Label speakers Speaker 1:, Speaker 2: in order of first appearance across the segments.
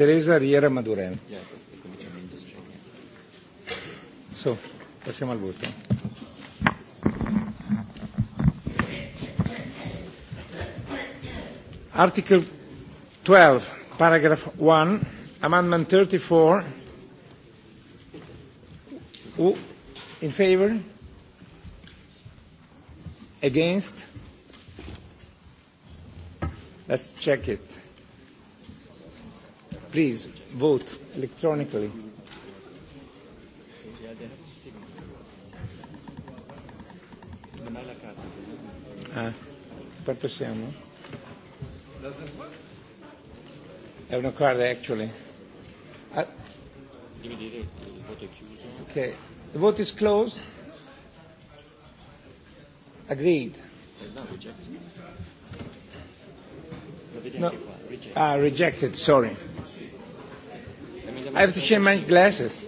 Speaker 1: Teresa Riera Maduren. So, passiamo al voto. Article 12, paragraph 1, amendment 34. Who in favor? Against? Let's check it. Please vote electronically. Ah, quanto siamo? È una card actually. Uh, okay. the vote is closed. Agreed.
Speaker 2: No. Ah,
Speaker 1: rejected, sorry.
Speaker 2: I have to change my
Speaker 1: glasses.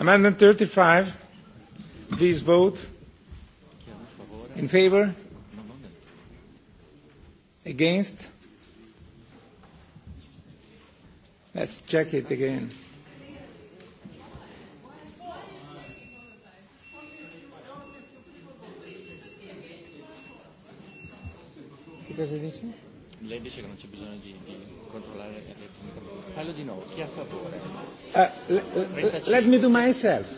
Speaker 1: Amendment 35. Please vote. In favor? Against? Let's check it again. Presidente?
Speaker 2: lei dice che non c'è bisogno di, di controllare fallo di nuovo chi ha favore
Speaker 1: uh, let me do myself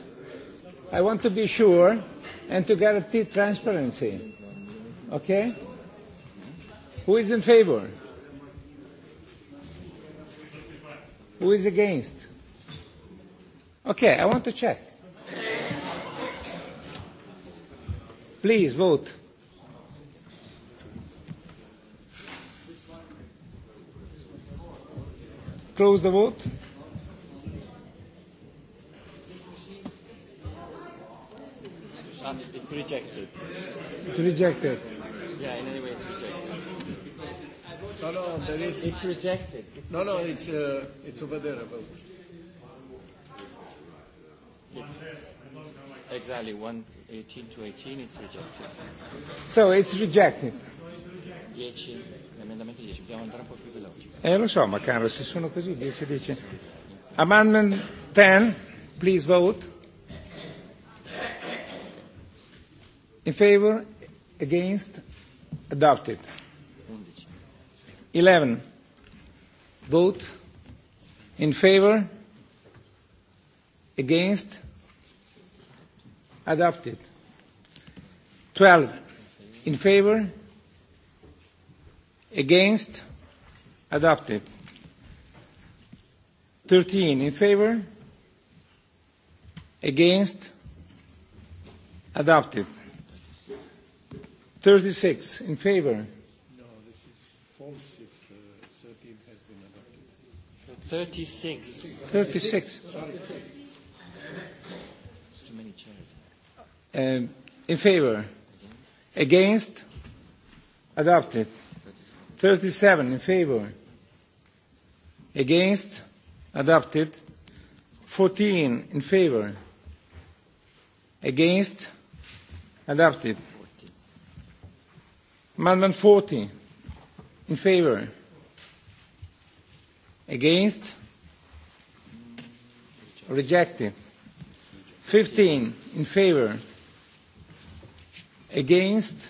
Speaker 1: I want to be sure and to guarantee transparency okay who is in favor who is against okay I want to check please vote close the vote.
Speaker 2: And it's rejected. It's rejected. Yeah, in any way it's rejected. No, no, there is... It's rejected. It's no, no, rejected. it's, uh, it's over there about. It's Exactly, 118 to 18, it's rejected. So
Speaker 1: it's rejected.
Speaker 2: 18. L'emendamento 10, dobbiamo andare un po' più veloce.
Speaker 1: Eh lo so, ma caro, se sono così, 10 10. Amendment 10, please vote. In favor, against, adopted. 11. Vote in favor, against, adopted. 12. In favor, Against? Adopted. 13 in favor? Against? Adopted. 36 in favor? No,
Speaker 2: this is false if uh, 13 has been adopted. 36. 36. 36. It's too many chairs.
Speaker 1: Um, in favor? Against? Adopted. 37 in favor. Against. Adopted. 14 in favor. Against. Adopted. Amendment 40 in favor. Against. Rejected. 15 in favor. Against.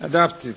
Speaker 1: Adopted.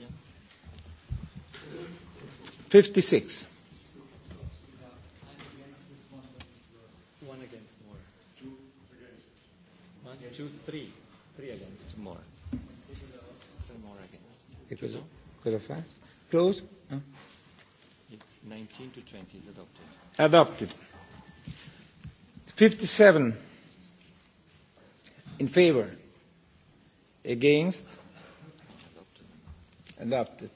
Speaker 1: 56.
Speaker 2: One against more. Two One, two, three. Three against more. Two more against.
Speaker 1: It was Close? Huh?
Speaker 2: It's 19 to 20 is adopted.
Speaker 1: Adopted. 57 in favor. Against? Adopted. Adopted.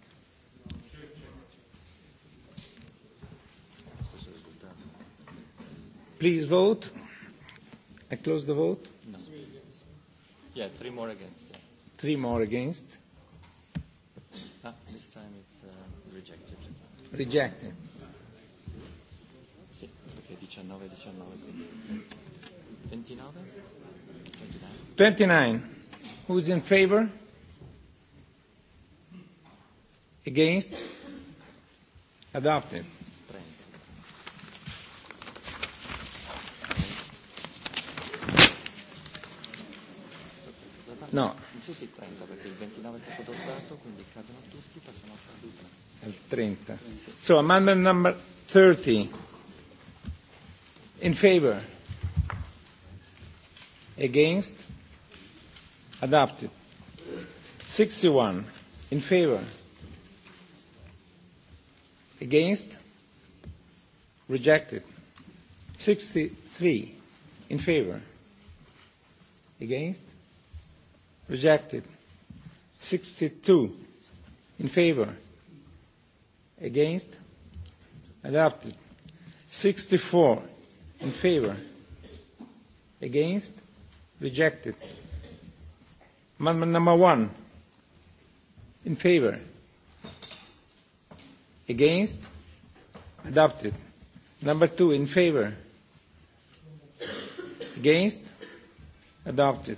Speaker 1: Please vote. I close the vote.
Speaker 2: No. Yeah, three more against. Yeah.
Speaker 1: Three more against.
Speaker 2: Ah, this time it's uh, rejected. Rejected. Twenty nine?
Speaker 1: 19, 19. 29. 29. Who's in favor? Against? Adopted.
Speaker 2: No. Non so se 30 perché il 29 è stato adottato, quindi cadono tutti, passano a caduta.
Speaker 1: Il 30. So amendment number 30. In favor. Against. Adopted. 61. In favor. Against. Rejected. 63. In favor. Against rejected. 62 in favor, against, adopted. 64 in favor, against, rejected. Amendment number one, in favor, against, adopted. Number two, in favor, against, adopted.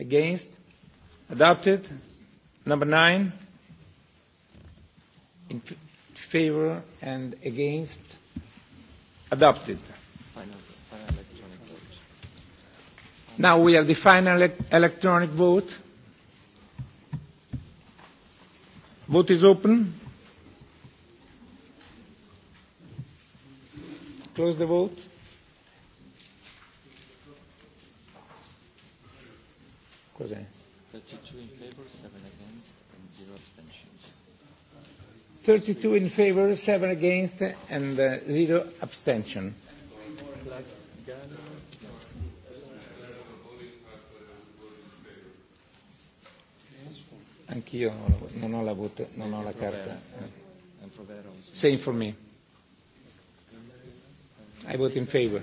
Speaker 1: Against? Adopted. Number nine. In favor and against? Adopted.
Speaker 2: Final, final electronic vote.
Speaker 1: Now we have the final electronic vote. Vote is open. Close the vote. Cos'è?
Speaker 2: 32 in favor, 7 against and 0 abstentions.
Speaker 1: 32 in favor, 7 against and uh, zero abstention. Anch'io non ho la, voto, non ho la carta. Same for me. I vote in favor.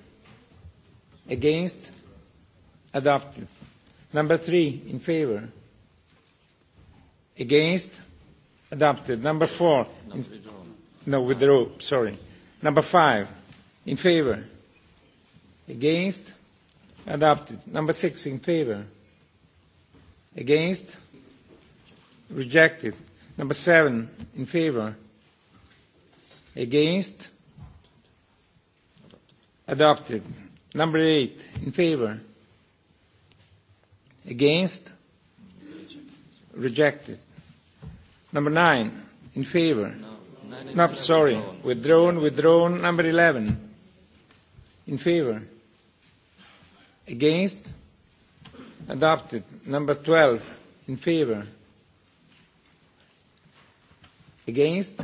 Speaker 1: Against? Adopted. Number three, in favor. Against? Adopted. Number four. In, no, withdraw, sorry. Number five, in favor. Against? Adopted. Number six, in favor. Against? Rejected. Number seven, in favor. Against? Adopted. Number eight, in favor. Against? Rejected. Number nine, in favor. No, no sorry, withdrawn. withdrawn, withdrawn. Number 11, in favor. Against? Adopted. Number 12, in favor. Against?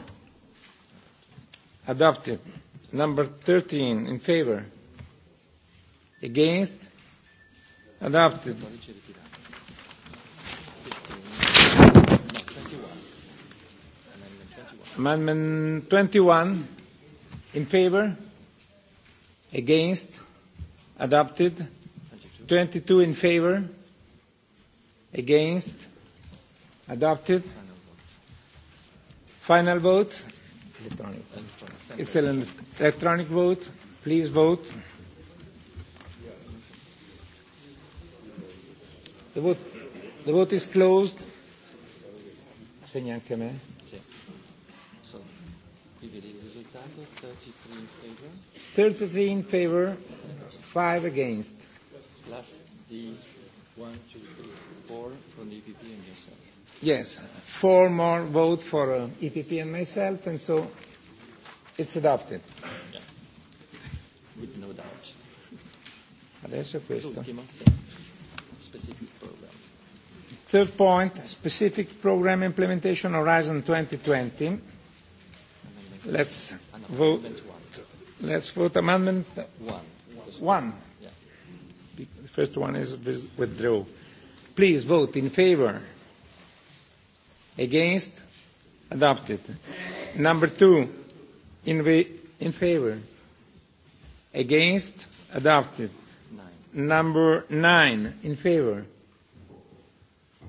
Speaker 1: Adopted. Number 13, in favor. Against? Adopted. Amendment 21 in favor, against, adopted. 22 in favor, against, adopted. Final vote. Electronic. It's an electronic vote. Please vote. The vote, the vote is closed. Segna anche me.
Speaker 2: Sì. So, qui vedi il risultato, 33 in favor.
Speaker 1: 33 in favor, 5 against.
Speaker 2: Plus the 1, 2, 3, 4 from the EPP and yourself.
Speaker 1: Yes, four more vote for uh, EPP and myself, and so it's adopted. Yeah. With no doubt. Adesso questo.
Speaker 2: L'ultimo, specifico.
Speaker 1: Third point, specific program implementation Horizon 2020. Let's vote. Let's vote amendment one. One. Yeah. The first one is withdraw. Please vote in favor. Against? Adopted. Number two, in, in favor. Against? Adopted. Nine. Number nine, in favor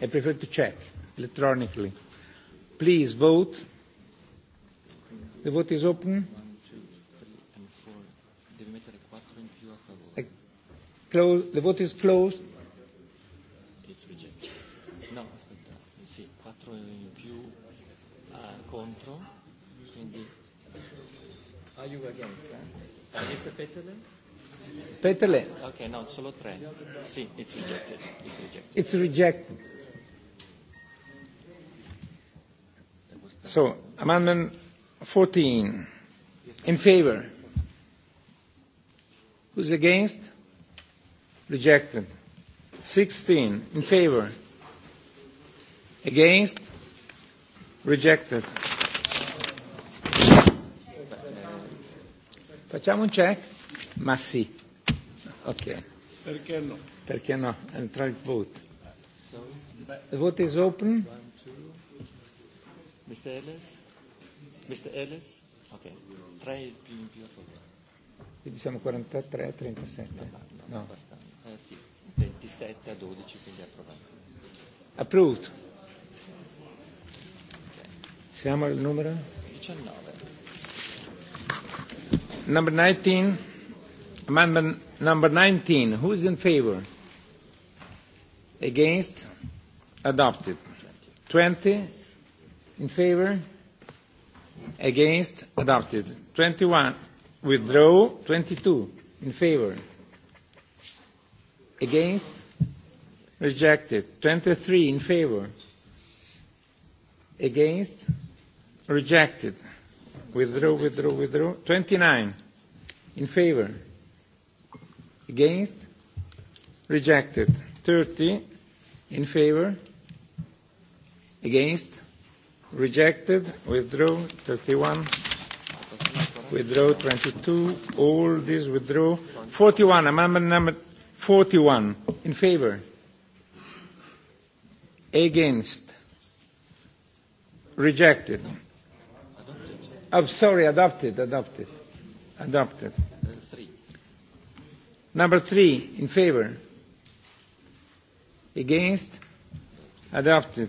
Speaker 1: I prefer to check electronically. Please vote. The vote is open. One,
Speaker 2: two, three,
Speaker 1: Close. The vote is closed.
Speaker 2: It's rejected. No, aspetta. Sì, quattro in più uh, contro. Quindi. Are you against? Eh? Petele? Petele. Okay, no, solo tre. Sì, it's rejected. It's rejected. It's rejected.
Speaker 1: So, amendment 14. In favor? Who's against? Rejected. 16. In favor? Against? Rejected. Facciamo un check? Ma sì. Ok. Perché no? Perché no? And try vote.
Speaker 2: The vote is open. One. Mr. Ellis? Mr. Ellis? Ok, 3 più in più a
Speaker 1: Quindi siamo 43 a 37. No, no, no.
Speaker 2: Eh, sì, 27 a 12, quindi approvato.
Speaker 1: Approved. Okay. Siamo al numero? 19. Number 19. Amendment number 19. Who is in favor? Against? Adopted. 20 in favor against adopted 21 withdraw 22 in favor against rejected 23 in favor against rejected withdraw withdraw withdraw 29 in favor against rejected 30 in favor against rejected, withdrew, 31, withdraw 22, all these withdrew, 41, amendment number 41, in favor, against, rejected. I'm oh, sorry, adopted, adopted, adopted. Number three, in favor, against, adopted.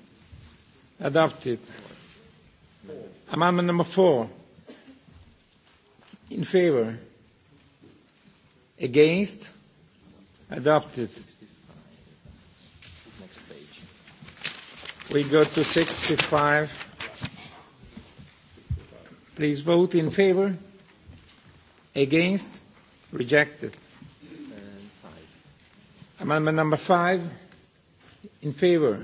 Speaker 1: Adopted. Amendment number four. In favor. Against. Adopted.
Speaker 2: Next page.
Speaker 1: We go to 65. Please vote in favor. Against. Rejected. Amendment number five. In favor.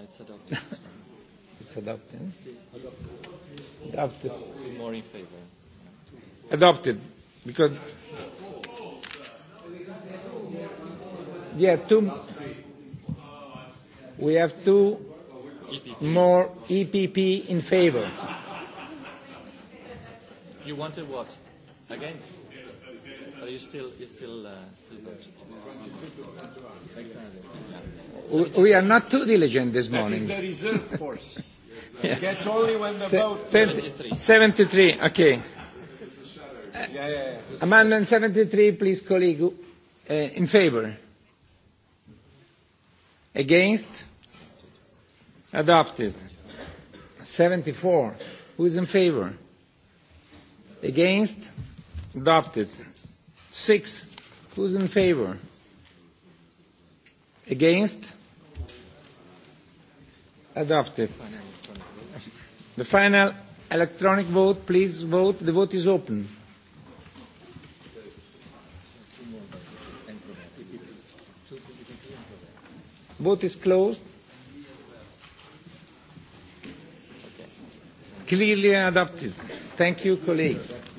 Speaker 2: Uh, it's adopted.
Speaker 1: it's adopted. Eh? Adopted. Adopted. more in favor. Adopted. Because. Yeah, two. We have two EPP. more EPP in favor.
Speaker 2: You wanted what? Against? sorry, you're still, you're still, uh, still good. We are
Speaker 1: not too diligent this morning. That
Speaker 2: is the reserve force. yeah. Gets only when the Se vote... 73.
Speaker 1: 73, okay. Uh, yeah, yeah, yeah. Amendment 73, please, colleague. Uh, in favor? Against? Adopted. 74. Who is in favor? Against? Adopted. Six. Who's in favor? Against? Adopted. The final electronic vote, please vote. The vote is open. Vote is closed. Clearly adopted. Thank you, colleagues.